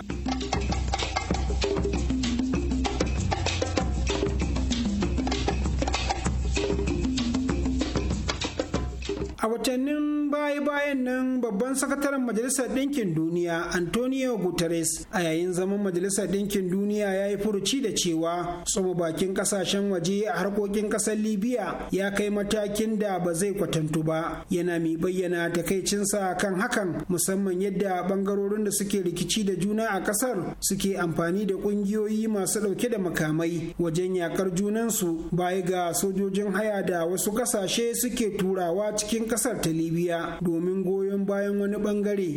afternoon. baya-bayan nan babban sakataren majalisar ɗinkin duniya antonio guterres a yayin zaman majalisar ɗinkin duniya ya yi furuci da cewa tsoma bakin kasashen waje a harkokin ƙasar libya ya kai matakin da ba zai kwatantu ba yana mai bayyana takaicinsa kan hakan musamman yadda bangarorin da suke rikici da juna a ƙasar suke amfani da ƙungiyoyi masu ɗauke da makamai wajen yakar junansu baya ga sojojin haya da wasu ƙasashe suke turawa cikin ƙasar ta libya domin goyon bayan wani ɓangare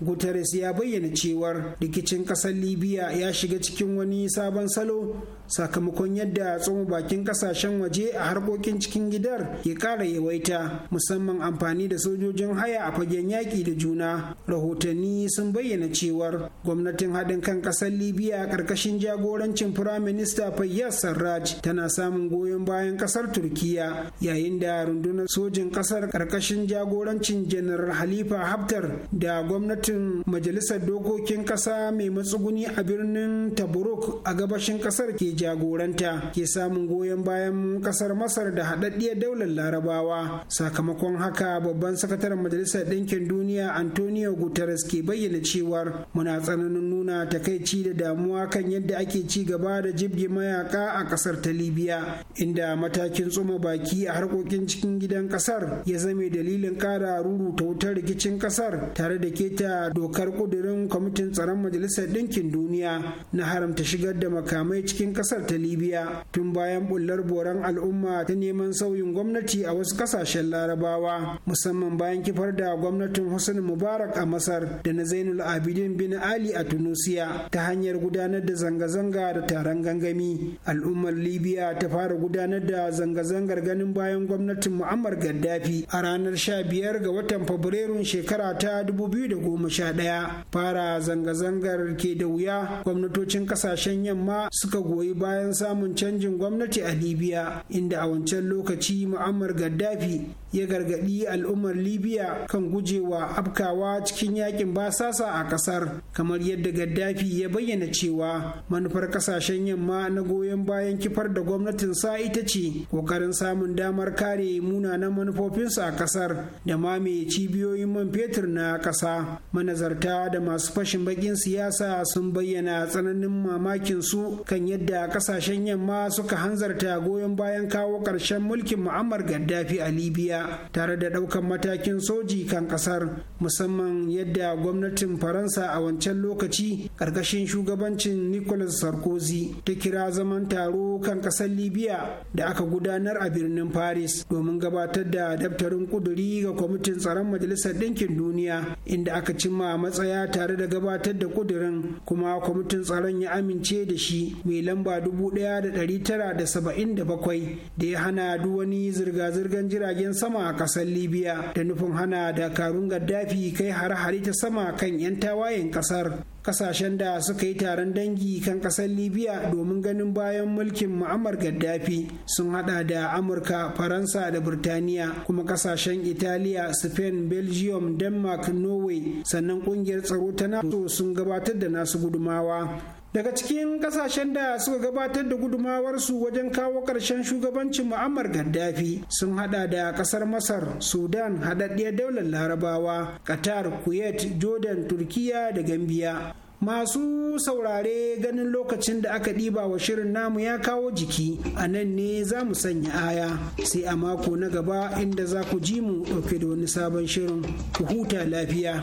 guterres ya bayyana cewar rikicin kasar libya ya shiga cikin wani sabon salo sakamakon yadda tsohon bakin kasashen waje a harkokin cikin gidar ya ƙara yawaita musamman amfani da sojojin haya a fagen yaƙi da juna rahotanni sun bayyana cewar gwamnatin haɗin kan ƙasar libya ƙarƙashin jagorancin firaminista fayyaz sarraj tana samun goyon bayan ƙasar turkiya yayin da rundunar sojin ƙasar ƙarƙashin jagorancin janar halifa haftar da gwamnati kotun majalisar dokokin kasa mai matsuguni a birnin taburuk a gabashin kasar ke jagoranta ke samun goyon bayan kasar masar da haɗaɗɗiyar daular larabawa sakamakon haka babban sakataren majalisar ɗinkin duniya antonio guterres ke bayyana cewar muna tsananin nuna ta takaici da damuwa kan yadda ake ci gaba da jibge mayaka a kasar ta libya inda matakin tsoma baki a harkokin cikin gidan kasar ya zame dalilin ƙara ruruta wutar rikicin kasar tare da keta da dokar kudirin kwamitin tsaron majalisar ɗinkin duniya na haramta shigar da makamai cikin ƙasar ta libya tun bayan bullar boran al'umma ta neman sauyin gwamnati a wasu ƙasashen larabawa musamman bayan kifar da gwamnatin hussein mubarak a masar da na zainul abidin bin ali a tunusiya ta hanyar gudanar da zanga-zanga da taron gangami al'ummar libya ta fara gudanar da zanga-zangar ganin bayan gwamnatin mu'ammar gaddafi a ranar 15 ga watan fabrairun shekara ta 2010 goma ɗaya fara zanga-zangar ke da wuya gwamnatocin kasashen yamma suka goyi bayan samun canjin gwamnati a libya inda a wancan lokaci mu'ammar gaddafi ya gargaɗi al'ummar libya kan gujewa afkawa cikin yakin basasa a kasar. kamar yadda gaddafi ya bayyana cewa manufar ƙasashen yamma na goyon bayan kifar da gwamnatin sa ita ce ƙoƙarin samun damar kare munanan manufofinsu a kasar da mai cibiyoyin man fetur na ƙasa manazarta da masu fashin bakin siyasa sun bayyana tsananin mamakin su kan yadda ƙasashen yamma suka hanzarta goyon bayan kawo ƙarshen mulkin mu'ammar gaddafi a libya tare da ɗaukan matakin soji kan ƙasar musamman yadda gwamnatin faransa a wancan lokaci ƙarƙashin shugabancin nicolas sarkozy ta kira zaman taro kan ƙasar libya da aka gudanar a birnin paris domin gabatar da daftarin kuduri ga kwamitin tsaron majalisar ɗinkin duniya inda aka cimma matsaya tare da gabatar da kudurin kuma kwamitin tsaron ya amince da shi mai lamba 1977 da ya hana duk wani zirga-zirgar jiragen sama sama a kasar libya da nufin hana dakarun gaddafi kai hare-hare ta sama kan 'yan tawayen kasar kasashen da suka yi taron dangi kan kasar libya domin ganin bayan mulkin mu'ammar gaddafi sun hada da amurka faransa da birtaniya kuma kasashen italiya spain belgium denmark norway sannan kungiyar tsaro ta nato sun gabatar da nasu gudumawa daga cikin kasashen da suka gabatar da gudumawarsu wajen kawo ƙarshen shugabancin mu'ammar gaddafi sun hada da kasar masar sudan haɗaɗɗiyar daular larabawa qatar kuwait jordan turkiya da gambiya Masu saurare ganin lokacin da aka ɗiba wa shirin namu ya kawo jiki a nan ne za mu sanya aya sai a mako na gaba inda za ku ji mu ɗauke da wani sabon shirin ku huta lafiya.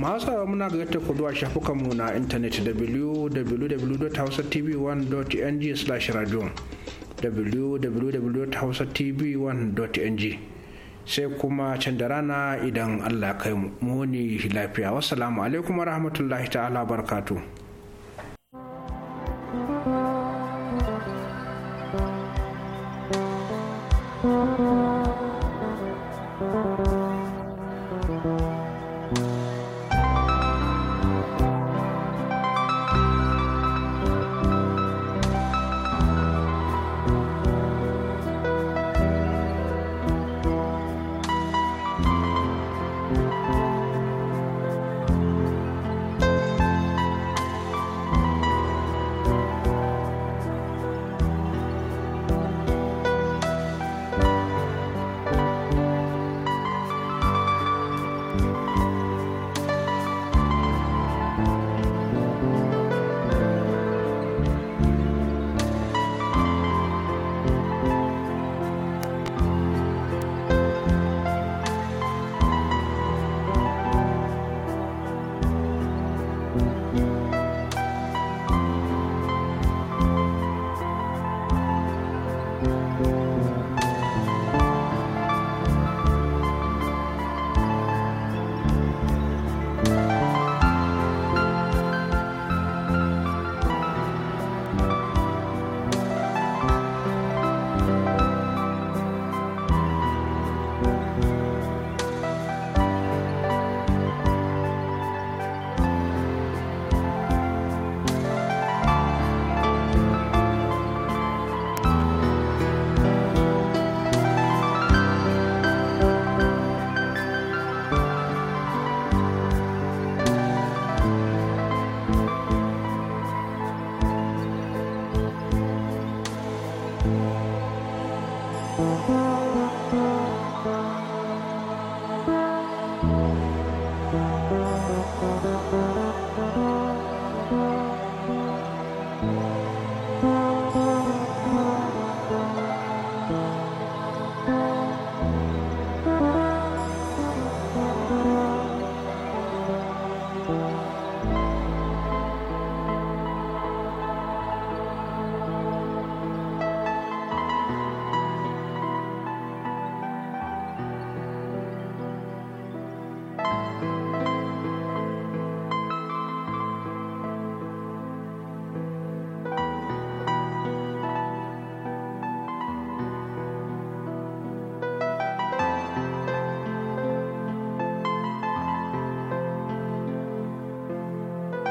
masu muna ga yadda ku zuwa shafukanmu na intanet www.hausatv1.ng slash radio www.hausatv1.ng sai kuma can da rana idan allah kai mu muni lafiya wasu alaikum rahmatullahi ta'ala barkatu.